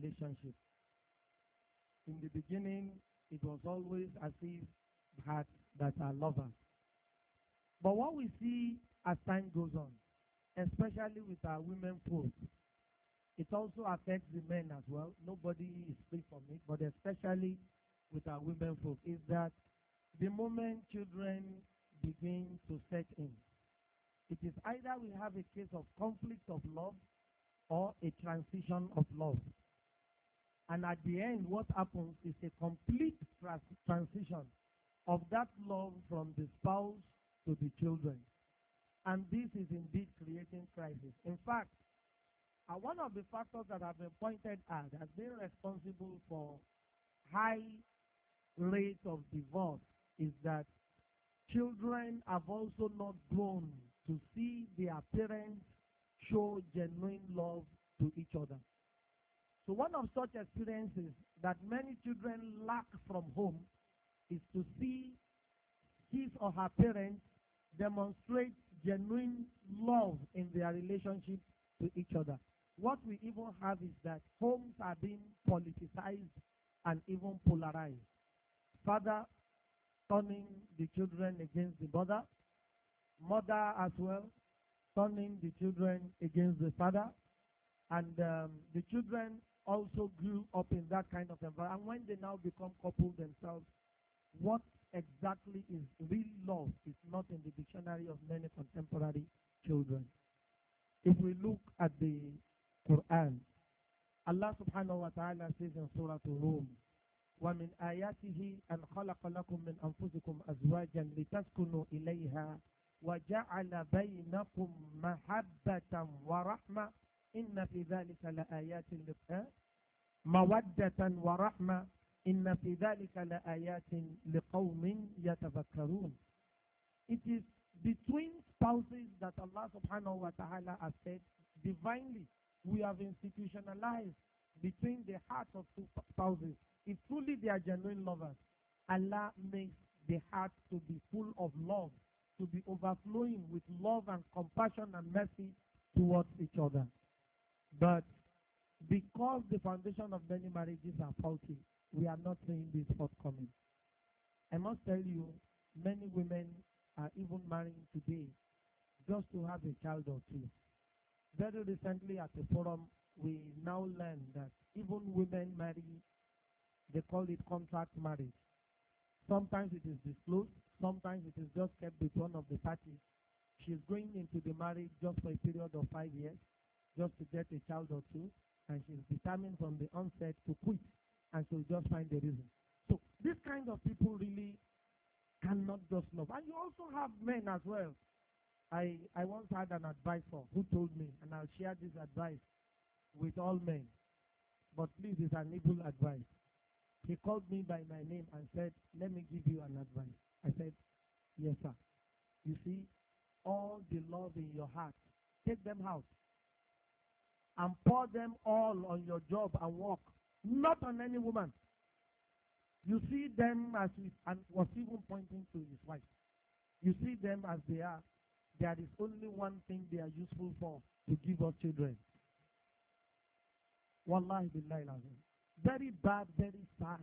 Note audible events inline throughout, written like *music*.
relationship. In the beginning, it was always as if that, that are lovers. But what we see as time goes on, especially with our women folk, it also affects the men as well. Nobody is free from it, but especially with our women folk, is that the moment children begin to set in, it is either we have a case of conflict of love or a transition of love And at the end, what happens is a complete trans transition of that love from the spouse to the children. And this is indeed creating crisis. In fact, uh, one of the factors that have been pointed out as being responsible for high rates of divorce is that children have also not grown to see their parents show genuine love to each other. So one of such experiences that many children lack from home is to see his or her parents demonstrate genuine love in their relationship to each other. What we even have is that homes are being politicized and even polarized. Father turning the children against the mother, mother as well turning the children against the father, and um, the children also grew up in that kind of environment. And when they now become couples themselves, what exactly is real love is not in the dictionary of many contemporary children. If we look at the Quran, Allah subhanahu wa ta'ala says in Surah Rum, وَمِنْ آيَاتِهِ أَنْ خَلَقَ لَكُم مِّنْ أَنفُسِكُمْ أَزْوَاجًا لِتَسْكُنُوا إِلَيْهَا وَجَعَلَ بَيْنَكُم مَّحَبَّةً وَرَحْمَةً إِنَّ فِي ذَلِكَ لَآيَاتٍ mawaddatan wa rahma inna fi dhalika la ayatin liqawmin yatafakkarun. It is between spouses that Allah subhanahu wa ta'ala has said divinely we have institutionalized between the hearts of two spouses. If truly they are genuine lovers, Allah makes the heart to be full of love, to be overflowing with love and compassion and mercy towards each other. But Because the foundation of many marriages are faulty, we are not saying this forthcoming. I must tell you, many women are even marrying today just to have a child or two. Very recently at the forum, we now learned that even women marry, they call it contract marriage. Sometimes it is disclosed, sometimes it is just kept with one of the parties. She's going into the marriage just for a period of five years, just to get a child or two, and she's determined from the onset to quit and she'll just find the reason. So this kind of people really cannot just love. And you also have men as well. I, I once had an advisor who told me, and I'll share this advice with all men, but please, it's an evil advice. He called me by my name and said, Let me give you an advice. I said, Yes, sir. You see, all the love in your heart, take them out. and pour them all on your job and work, not on any woman. You see them as if, and was even pointing to his wife. You see them as they are. There is only one thing they are useful for to give us children. Wallahi billahi lazim. Very bad, very sad.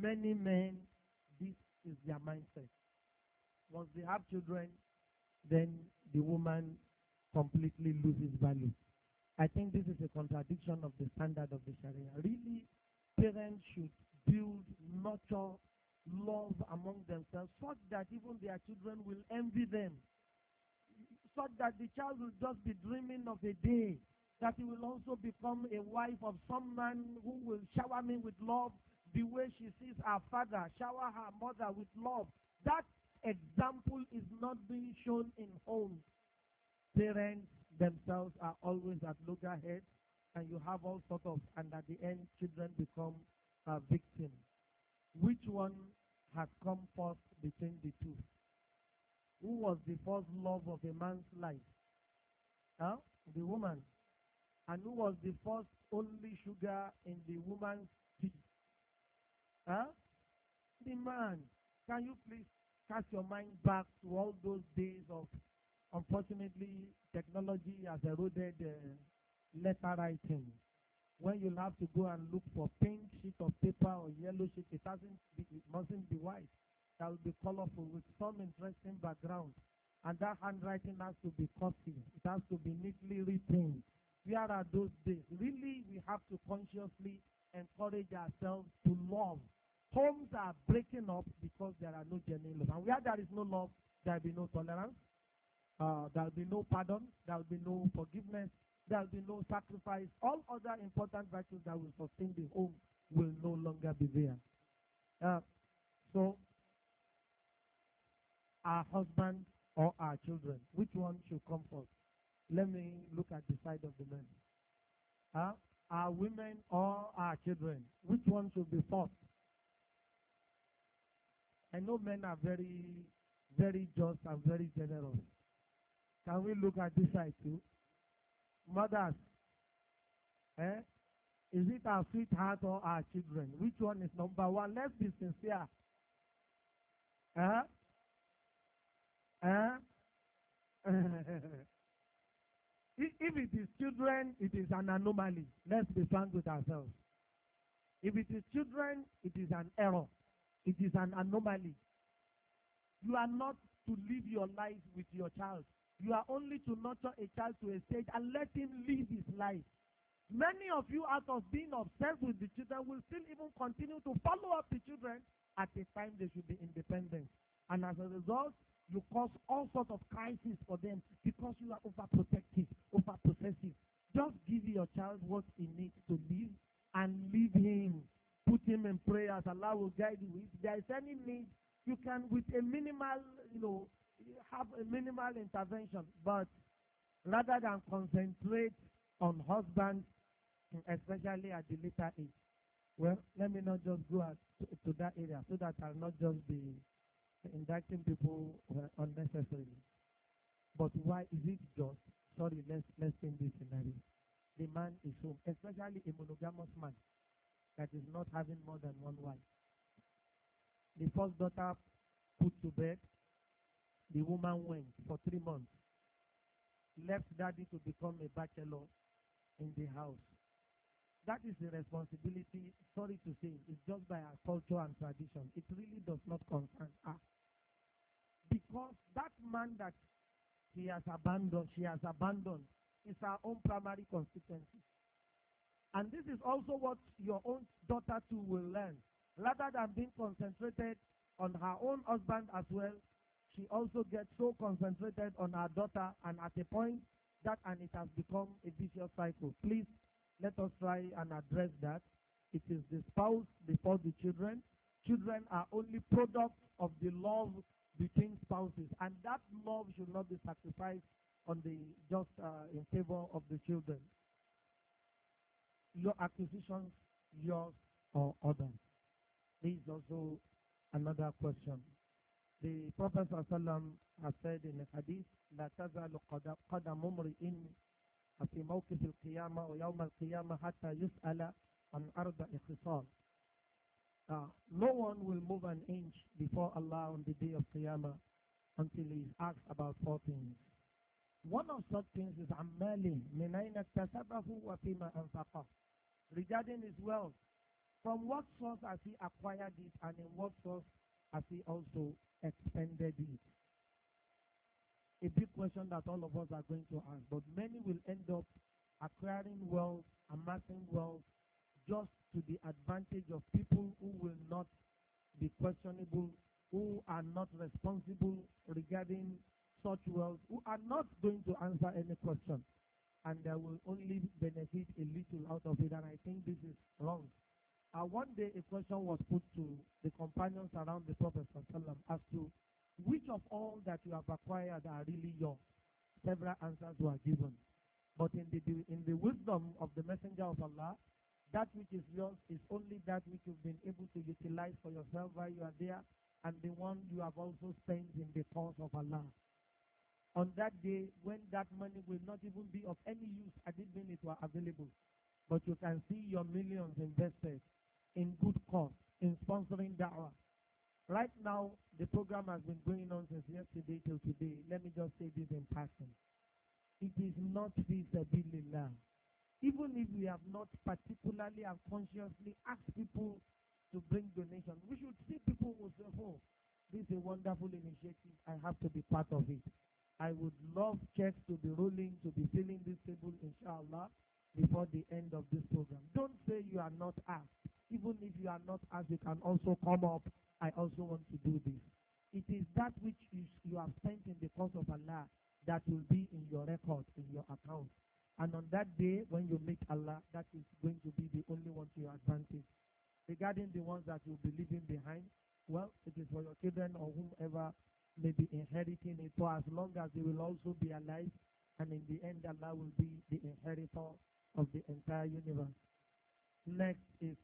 Many men, this is their mindset. Once they have children, then the woman completely loses value. I think this is a contradiction of the standard of the Sharia. Really, parents should build, nurture love among themselves such that even their children will envy them, such that the child will just be dreaming of a day that he will also become a wife of some man who will shower me with love the way she sees her father, shower her mother with love. That example is not being shown in homes. Parents themselves are always at loggerheads, and you have all sorts of, and at the end, children become uh, victims. Which one has come first between the two? Who was the first love of a man's life? Huh? The woman. And who was the first only sugar in the woman's tea? Huh? The man. Can you please cast your mind back to all those days of Unfortunately, technology has eroded uh, letter writing. When you have to go and look for pink sheet of paper or yellow sheet, it doesn't be, it mustn't be white. That will be colorful with some interesting background. And that handwriting has to be cursive. It has to be neatly written. We are at those days? Really, we have to consciously encourage ourselves to love. Homes are breaking up because there are no genuine love. And where there is no love, there will be no tolerance. Uh, there will be no pardon. There will be no forgiveness. There will be no sacrifice. All other important virtues that will sustain the home will no longer be there. Uh, so, our husband or our children, which one should come first? Let me look at the side of the men. Uh, our women or our children, which one should be first? I know men are very, very just and very generous. Can we look at this side too? Mothers, eh? Is it our sweetheart or our children? Which one is number one? Let's be sincere. Eh? Eh? *laughs* if, if it is children, it is an anomaly. Let's be frank with ourselves. If it is children, it is an error. It is an anomaly. You are not to live your life with your child. You are only to nurture a child to a stage and let him live his life. Many of you, out of being obsessed with the children, will still even continue to follow up the children at a time they should be independent. And as a result, you cause all sorts of crises for them because you are overprotective, overprocessive. Just give your child what he needs to live and leave him. Put him in prayers. Allah will guide you. If there is any need, you can, with a minimal, you know, have a minimal intervention, but rather than concentrate on husbands, especially at the later age, well, let me not just go at, to, to that area so that I'll not just be inducting people uh, unnecessarily. But why is it just? Sorry, let's let's change this scenario. The man is home, especially a monogamous man that is not having more than one wife. The first daughter put to bed, The woman went for three months, left daddy to become a bachelor in the house. That is the responsibility, sorry to say, it's just by our culture and tradition. It really does not concern her, Because that man that she has abandoned, she has abandoned, is our own primary constituency. And this is also what your own daughter too will learn. Rather than being concentrated on her own husband as well she also gets so concentrated on her daughter and at a point that and it has become a vicious cycle. Please let us try and address that. It is the spouse before the children. Children are only products of the love between spouses, and that love should not be sacrificed on the just uh, in favor of the children. Your acquisitions, yours or others. This is also another question. The Prophet ﷺ has said in the hadith, لا تزال قدم امرئ في موقف القيامة ويوم القيامة حتى يسأل عن أربع خصال. Uh, no one will move an inch before Allah on the day of Qiyamah until he is asked about four things. One of such things is عمال من أين اكتسبه وفيما أنفقه. Regarding his wealth, from what source has he acquired it and in what source as he also expended it. A big question that all of us are going to ask, but many will end up acquiring wealth, amassing wealth, just to the advantage of people who will not be questionable, who are not responsible regarding such wealth, who are not going to answer any question, and they will only benefit a little out of it. And I think this is and one day a question was put to the companions around the Prophet as to which of all that you have acquired are really yours. Several answers were given. But in the, in the wisdom of the Messenger of Allah, that which is yours is only that which you've been able to utilize for yourself while you are there, and the one you have also spent in the cause of Allah. On that day, when that money will not even be of any use, I didn't mean it were available. But you can see your millions invested in good cause in sponsoring da'wah. Right now, the program has been going on since yesterday till today. Let me just say this in passing. It is not visibilillah. Even if we have not particularly and consciously asked people to bring donations, we should see people who say, oh, this is a wonderful initiative. I have to be part of it. I would love checks to be rolling, to be filling this table, inshallah before the end of this program. Don't say you are not asked. Even if you are not asked, you can also come up. I also want to do this. It is that which you have spent in the cause of Allah that will be in your record, in your account. And on that day, when you meet Allah, that is going to be the only one to your advantage. Regarding the ones that you'll be leaving behind, well, it is for your children or whomever may be inheriting it for as long as they will also be alive. And in the end, Allah will be the inheritor of the entire universe. Next is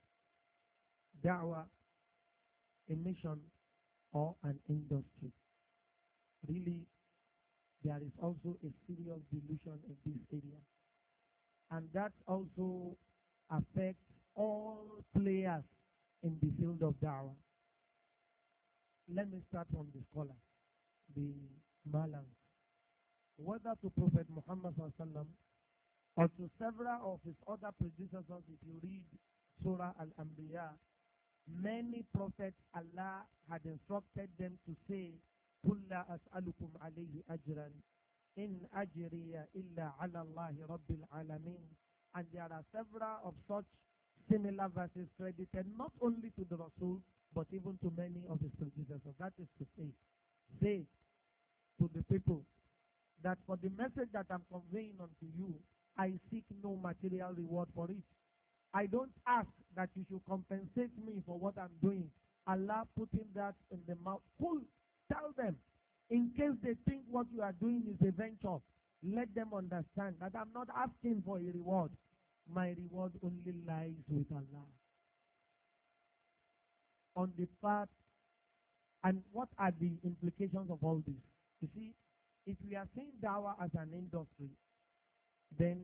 da'wah, a mission or an industry. Really, there is also a serious delusion in this area. And that also affects all players in the field of da'wah. Let me start from the scholar, the malam. Whether to Prophet Muhammad sallallahu or to several of his other predecessors if you read Surah Al-Anbiya, many prophets Allah had instructed them to say, "Kulla as'alukum أَسْأَلُكُمْ ajran, in ajriya أَجْرِيَ إِلَّا عَلَى اللَّهِ And there are several of such similar verses credited not only to the Rasul, but even to many of his predecessors. That is to say, say to the people that for the message that I'm conveying unto you, I seek no material reward for it. I don't ask that you should compensate me for what I'm doing. Allah putting that in the mouth. Cool. Tell them. In case they think what you are doing is a venture, let them understand that I'm not asking for a reward. My reward only lies with Allah. On the path, and what are the implications of all this? You see, if we are seeing dawah as an industry, then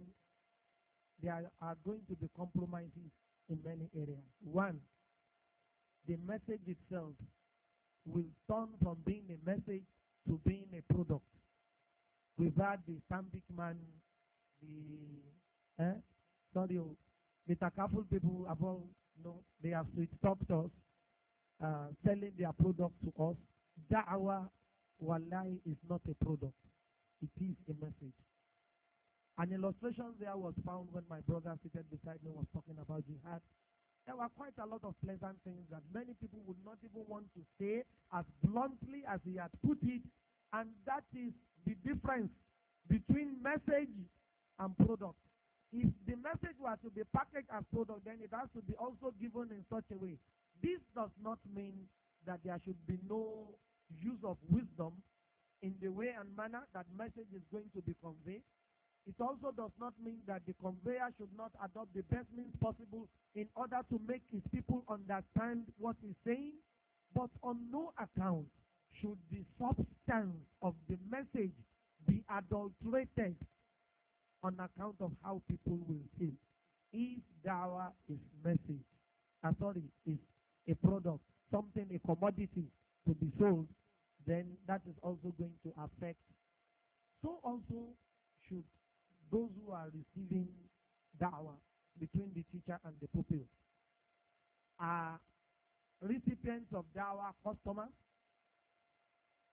there are going to be compromises in many areas. One, the message itself will turn from being a message to being a product. Without the Stambic man, the eh? sorry, oh, the Takaful people have they have stopped us uh, selling their product to us. Da'wah wallahi is not a product. It is a message. An illustration there was found when my brother seated beside me was talking about jihad. There were quite a lot of pleasant things that many people would not even want to say as bluntly as he had put it, and that is the difference between message and product. If the message was to be packaged as product, then it has to be also given in such a way. This does not mean that there should be no use of wisdom in the way and manner that message is going to be conveyed. It also does not mean that the conveyor should not adopt the best means possible in order to make his people understand what he's saying, but on no account should the substance of the message be adulterated on account of how people will feel. If dawa is message, uh, sorry, is a product, something, a commodity to be sold, then that is also going to affect. So also should those who are receiving da'wah between the teacher and the pupil are recipients of da'wah customers?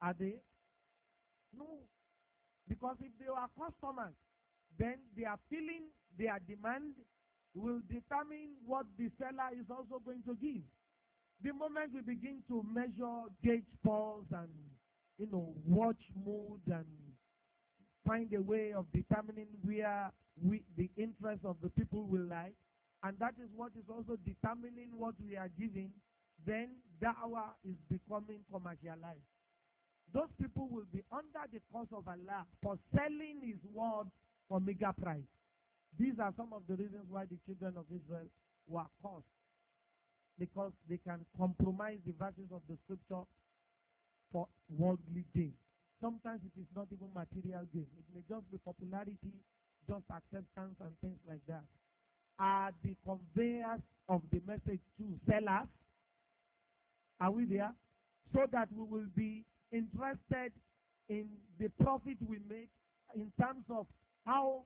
Are they? No. Because if they are customers, then their feeling, their demand will determine what the seller is also going to give. The moment we begin to measure gauge pulse and you know watch mood and find a way of determining where we, the interest of the people will lie, and that is what is also determining what we are giving, then da'wah is becoming commercialized. Those people will be under the curse of Allah for selling His word for mega price. These are some of the reasons why the children of Israel were cursed, because they can compromise the verses of the scripture for worldly gain. Sometimes it is not even material gain. It may just be popularity, just acceptance and things like that. Are the conveyors of the message to sellers? Are we there? So that we will be interested in the profit we make in terms of how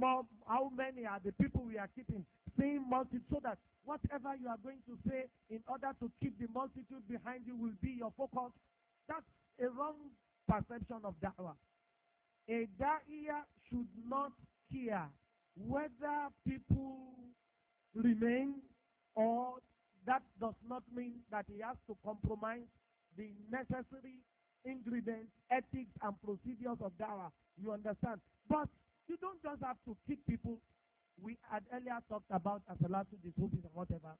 more, how many are the people we are keeping, saying multitude, so that whatever you are going to say in order to keep the multitude behind you will be your focus. That's a wrong perception of da'wah. A da'iyah should not care whether people remain or that does not mean that he has to compromise the necessary ingredients, ethics, and procedures of da'wah. You understand? But you don't just have to kick people. We had earlier talked about Asalatu, the Sufis, and whatever.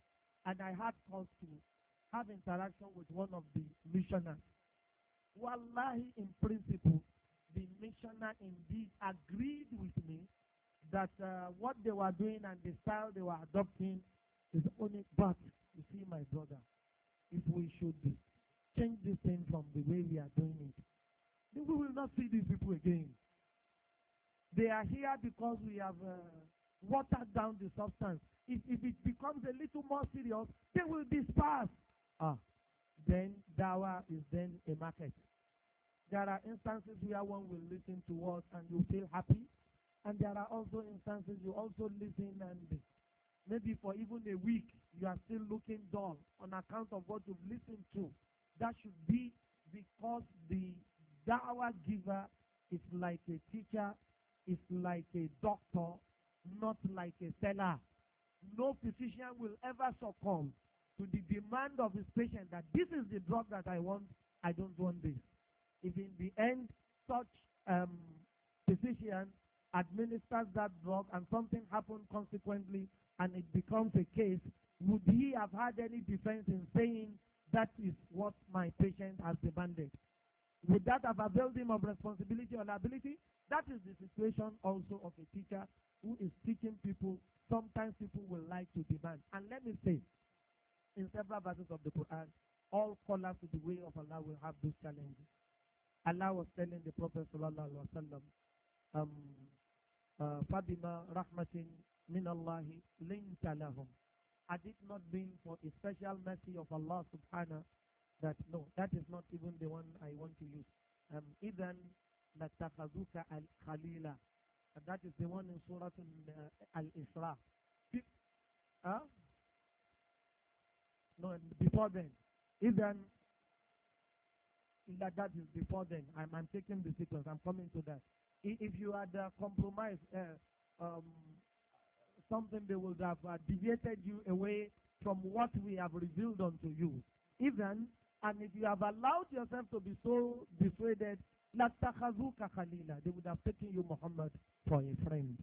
And I had cause to have interaction with one of the missionaries Wallahi, in principle, the missioner indeed agreed with me that uh, what they were doing and the style they were adopting is only but you see my brother if we should change this thing from the way we are doing it then we will not see these people again they are here because we have uh, watered down the substance if, if it becomes a little more serious they will disperse ah then dawa is then a market there are instances where one will listen to us and you feel happy. And there are also instances you also listen and maybe for even a week you are still looking dull on account of what you've listened to. That should be because the dawah giver is like a teacher, is like a doctor, not like a seller. No physician will ever succumb to the demand of his patient that this is the drug that I want, I don't want this if in the end such um, physician administers that drug and something happens consequently and it becomes a case, would he have had any defense in saying that is what my patient has demanded? Would that have availed him of responsibility or liability? That is the situation also of a teacher who is teaching people. Sometimes people will like to demand. And let me say, in several verses of the Quran, all callers to the way of Allah will have those challenges. Allah was telling the Prophet sallallahu alaihi wasallam, um, uh, rahmatin min Allahi linta lahum." Had it not been for a special mercy of Allah subhanahu that no, that is not even the one I want to use. Um, Idan latakhazuka al khalila. That is the one in Surah Al uh, Isra. Huh? No, before then. Idan that, that is before them. I'm, I'm taking the sequence. I'm coming to that. If you had uh, compromised uh, um, something, they would have uh, deviated you away from what we have revealed unto you. Even, and if you have allowed yourself to be so persuaded, They would have taken you, Muhammad, for a friend.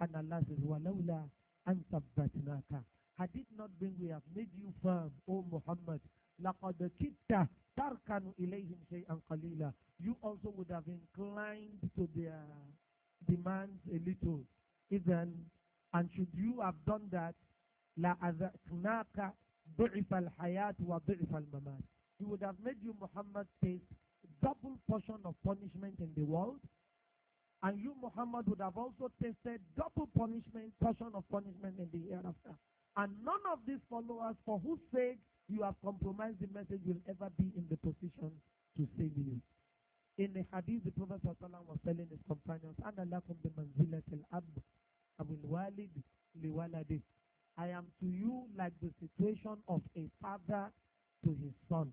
And Allah says, وَلَوْلَا أَن ثَبَّتْنَاكَ Had it not been, we have made you firm, O Muhammad. little. even, and should you have done that la لأذأتناك hayat wa وضعف الممات. He would have made you Muhammad face double portion of punishment in the world and you Muhammad would have also tasted double punishment portion of punishment in the hereafter. And none of these followers for whose sake you have compromised the message will ever be in the position to save you. In the hadith, the Prophet was telling his companions, أَنَا لَكُمْ بِمَنْزِلَةِ الْأَبْ Abul Walid, liwalade. I am to you like the situation of a father to his son,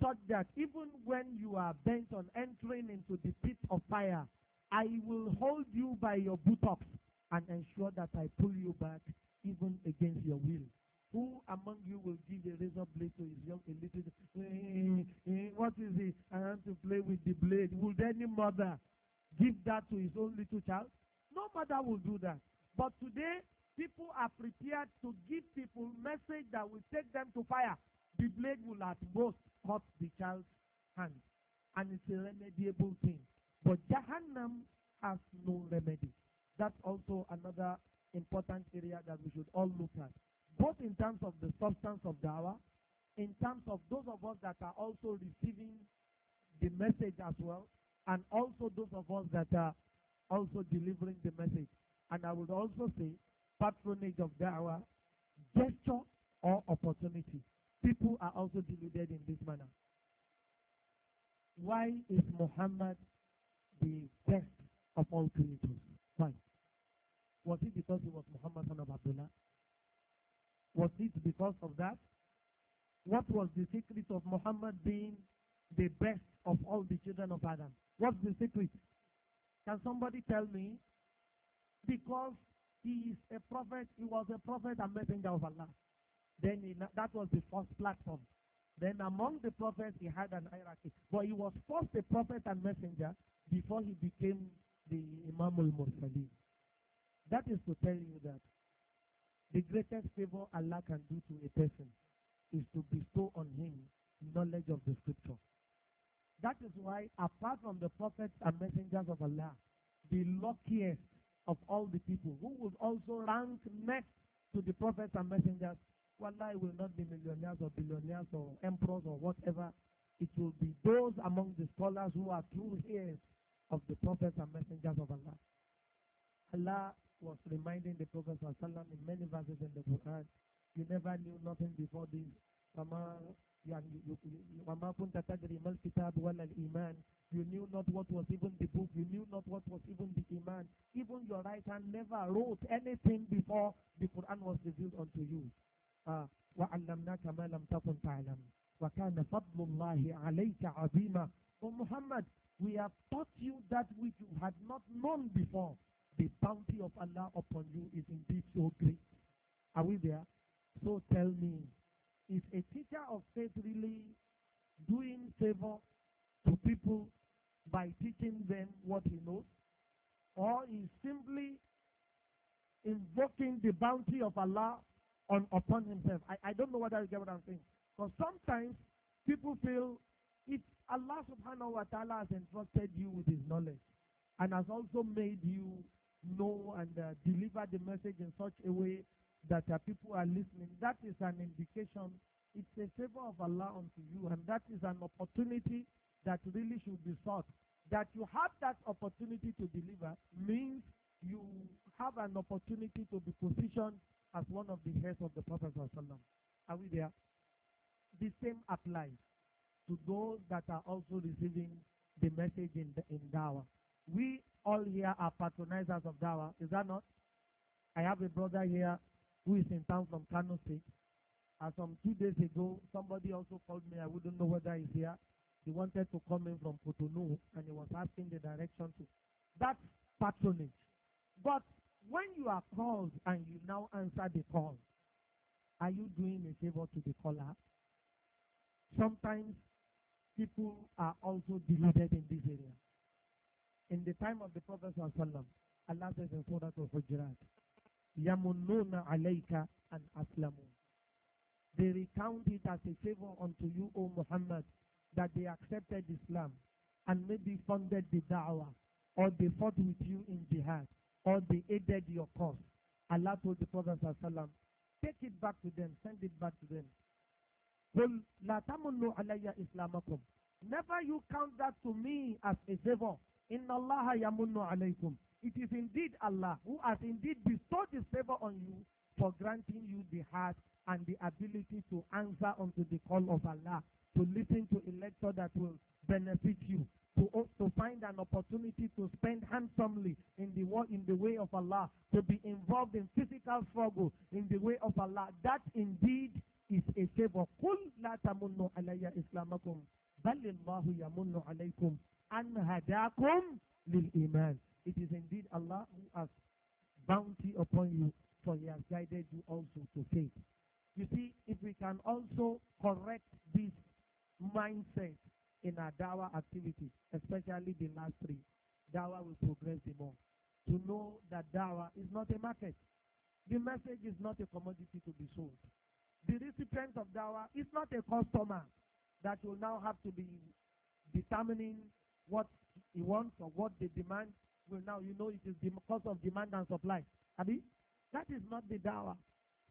such that even when you are bent on entering into the pit of fire, I will hold you by your buttocks and ensure that I pull you back even against your will. Who among you will give a razor blade to his young a little? Eh, eh, what is it? I want to play with the blade. Would any mother give that to his own little child? No mother will do that. But today, people are prepared to give people message that will take them to fire. The blade will at most cut the child's hand. And it's a remediable thing. But Jahannam has no remedy. That's also another important area that we should all look at both in terms of the substance of dawah, in terms of those of us that are also receiving the message as well, and also those of us that are also delivering the message. And I would also say patronage of dawah, gesture or opportunity. People are also deluded in this manner. Why is Muhammad the best of all creators? Why? Was it because he was Muhammad son of Abdullah? Was it because of that? What was the secret of Muhammad being the best of all the children of Adam? What's the secret? Can somebody tell me? Because he is a prophet, he was a prophet and messenger of Allah. Then he, that was the first platform. Then among the prophets, he had an hierarchy. But he was first a prophet and messenger before he became the Imam al-Mursaleen. That is to tell you that The greatest favor Allah can do to a person is to bestow on him knowledge of the scripture. That is why, apart from the prophets and messengers of Allah, the luckiest of all the people who would also rank next to the prophets and messengers, Wallahi will not be millionaires or billionaires or emperors or whatever. It will be those among the scholars who are true heirs of the prophets and messengers of Allah. Allah was reminding the Prophet sallam in many verses in the Quran, you never knew nothing before this. You knew not what was even the book. You knew not what was even the iman. Even your right hand never wrote anything before the Quran was revealed unto you. Uh, وعلمناك O Muhammad, we have taught you that which you had not known before the bounty of Allah upon you is indeed so great. Are we there? So tell me, is a teacher of faith really doing favor to people by teaching them what he knows? Or is simply invoking the bounty of Allah on upon himself? I, I don't know whether you get what I'm saying. Because sometimes people feel if Allah subhanahu wa ta'ala has entrusted you with his knowledge and has also made you know and uh, deliver the message in such a way that uh, people are listening. That is an indication. It's a favor of Allah unto you, and that is an opportunity that really should be sought. That you have that opportunity to deliver means you have an opportunity to be positioned as one of the heads of the Prophet. Are we there? The same applies to those that are also receiving the message in, the, in Dawah. We all here are patronizers of Dawa, is that not? I have a brother here who is in town from Kano State. As some two days ago, somebody also called me. I wouldn't know whether he's here. He wanted to come in from Cotonou and he was asking the direction to. That's patronage. But when you are called and you now answer the call, are you doing a favor to the caller? Sometimes people are also deluded in this area. in the time of the Prophet Allah says in Surah Al-Hujurat, يَمُنُّونَ عَلَيْكَ and aslamu. They recount it as a favor unto you, O Muhammad, that they accepted Islam and maybe funded the da'wah, or they fought with you in jihad, or they aided your cause. Allah told the Prophet sallam, take it back to them, send it back to them. قُلْ لَا تَمُنُّوا عَلَيَّ إِسْلَامَكُمْ Never you count that to me as a favor Inna Allah yamunnu alaykum. It is indeed Allah who has indeed bestowed this favor on you for granting you the heart and the ability to answer unto the call of Allah, to listen to a lecture that will benefit you, to, oh, to find an opportunity to spend handsomely in the, in the way of Allah, to be involved in physical struggle in the way of Allah. That indeed is a favor. قُلْ La Tamunnu Alayya Islamakum. bali allahu yamunu alaykum an hadakum lil iman it is indeed allah who has bounty upon you for he has guided you also to faith you see if we can also correct this mindset in our dawa activity especially the last three dawa will progress the more to know that dawa is not a market the message is not a commodity to be sold the recipient of dawa is not a customer that you now have to be determining what he wants or what they demand. Well, now you know it is because of demand and supply. Abi, that is not the dawah.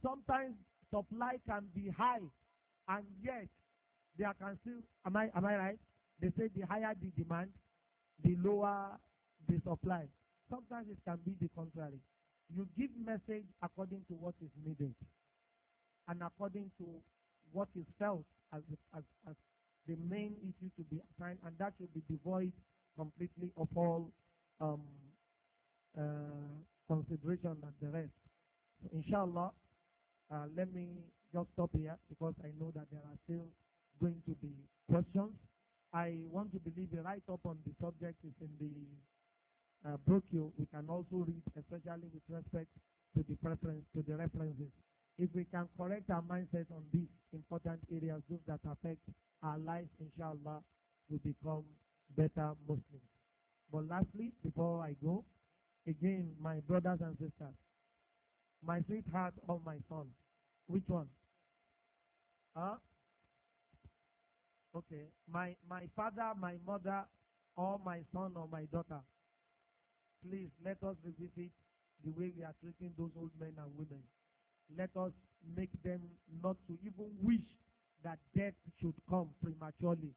Sometimes supply can be high, and yet there can still. Am I am I right? They say the higher the demand, the lower the supply. Sometimes it can be the contrary. You give message according to what is needed and according to what is felt as, as, as the main issue to be assigned, and that should be devoid completely of all um, uh, consideration and the rest. So inshallah, uh, let me just stop here because I know that there are still going to be questions. I want to believe the write-up on the subject is in the uh, You We can also read, especially with respect to the preference to the references. if we can correct our mindset on these important areas, those that affect our lives, inshallah, we become better Muslims. But lastly, before I go, again, my brothers and sisters, my sweetheart or my son, which one? Huh? Okay, my, my father, my mother, or my son or my daughter, please let us revisit the way we are treating those old men and women. let us make them not to even wish that death should come prematurely.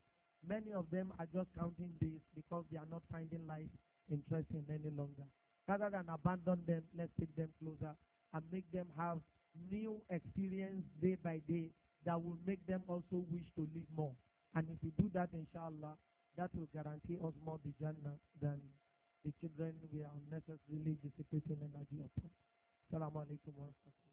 Many of them are just counting days because they are not finding life interesting any longer. Rather than abandon them, let's take them closer and make them have new experience day by day that will make them also wish to live more. And if we do that, inshallah, that will guarantee us more the Jannah than the children we are unnecessarily dissipating energy upon. Salaam alaikum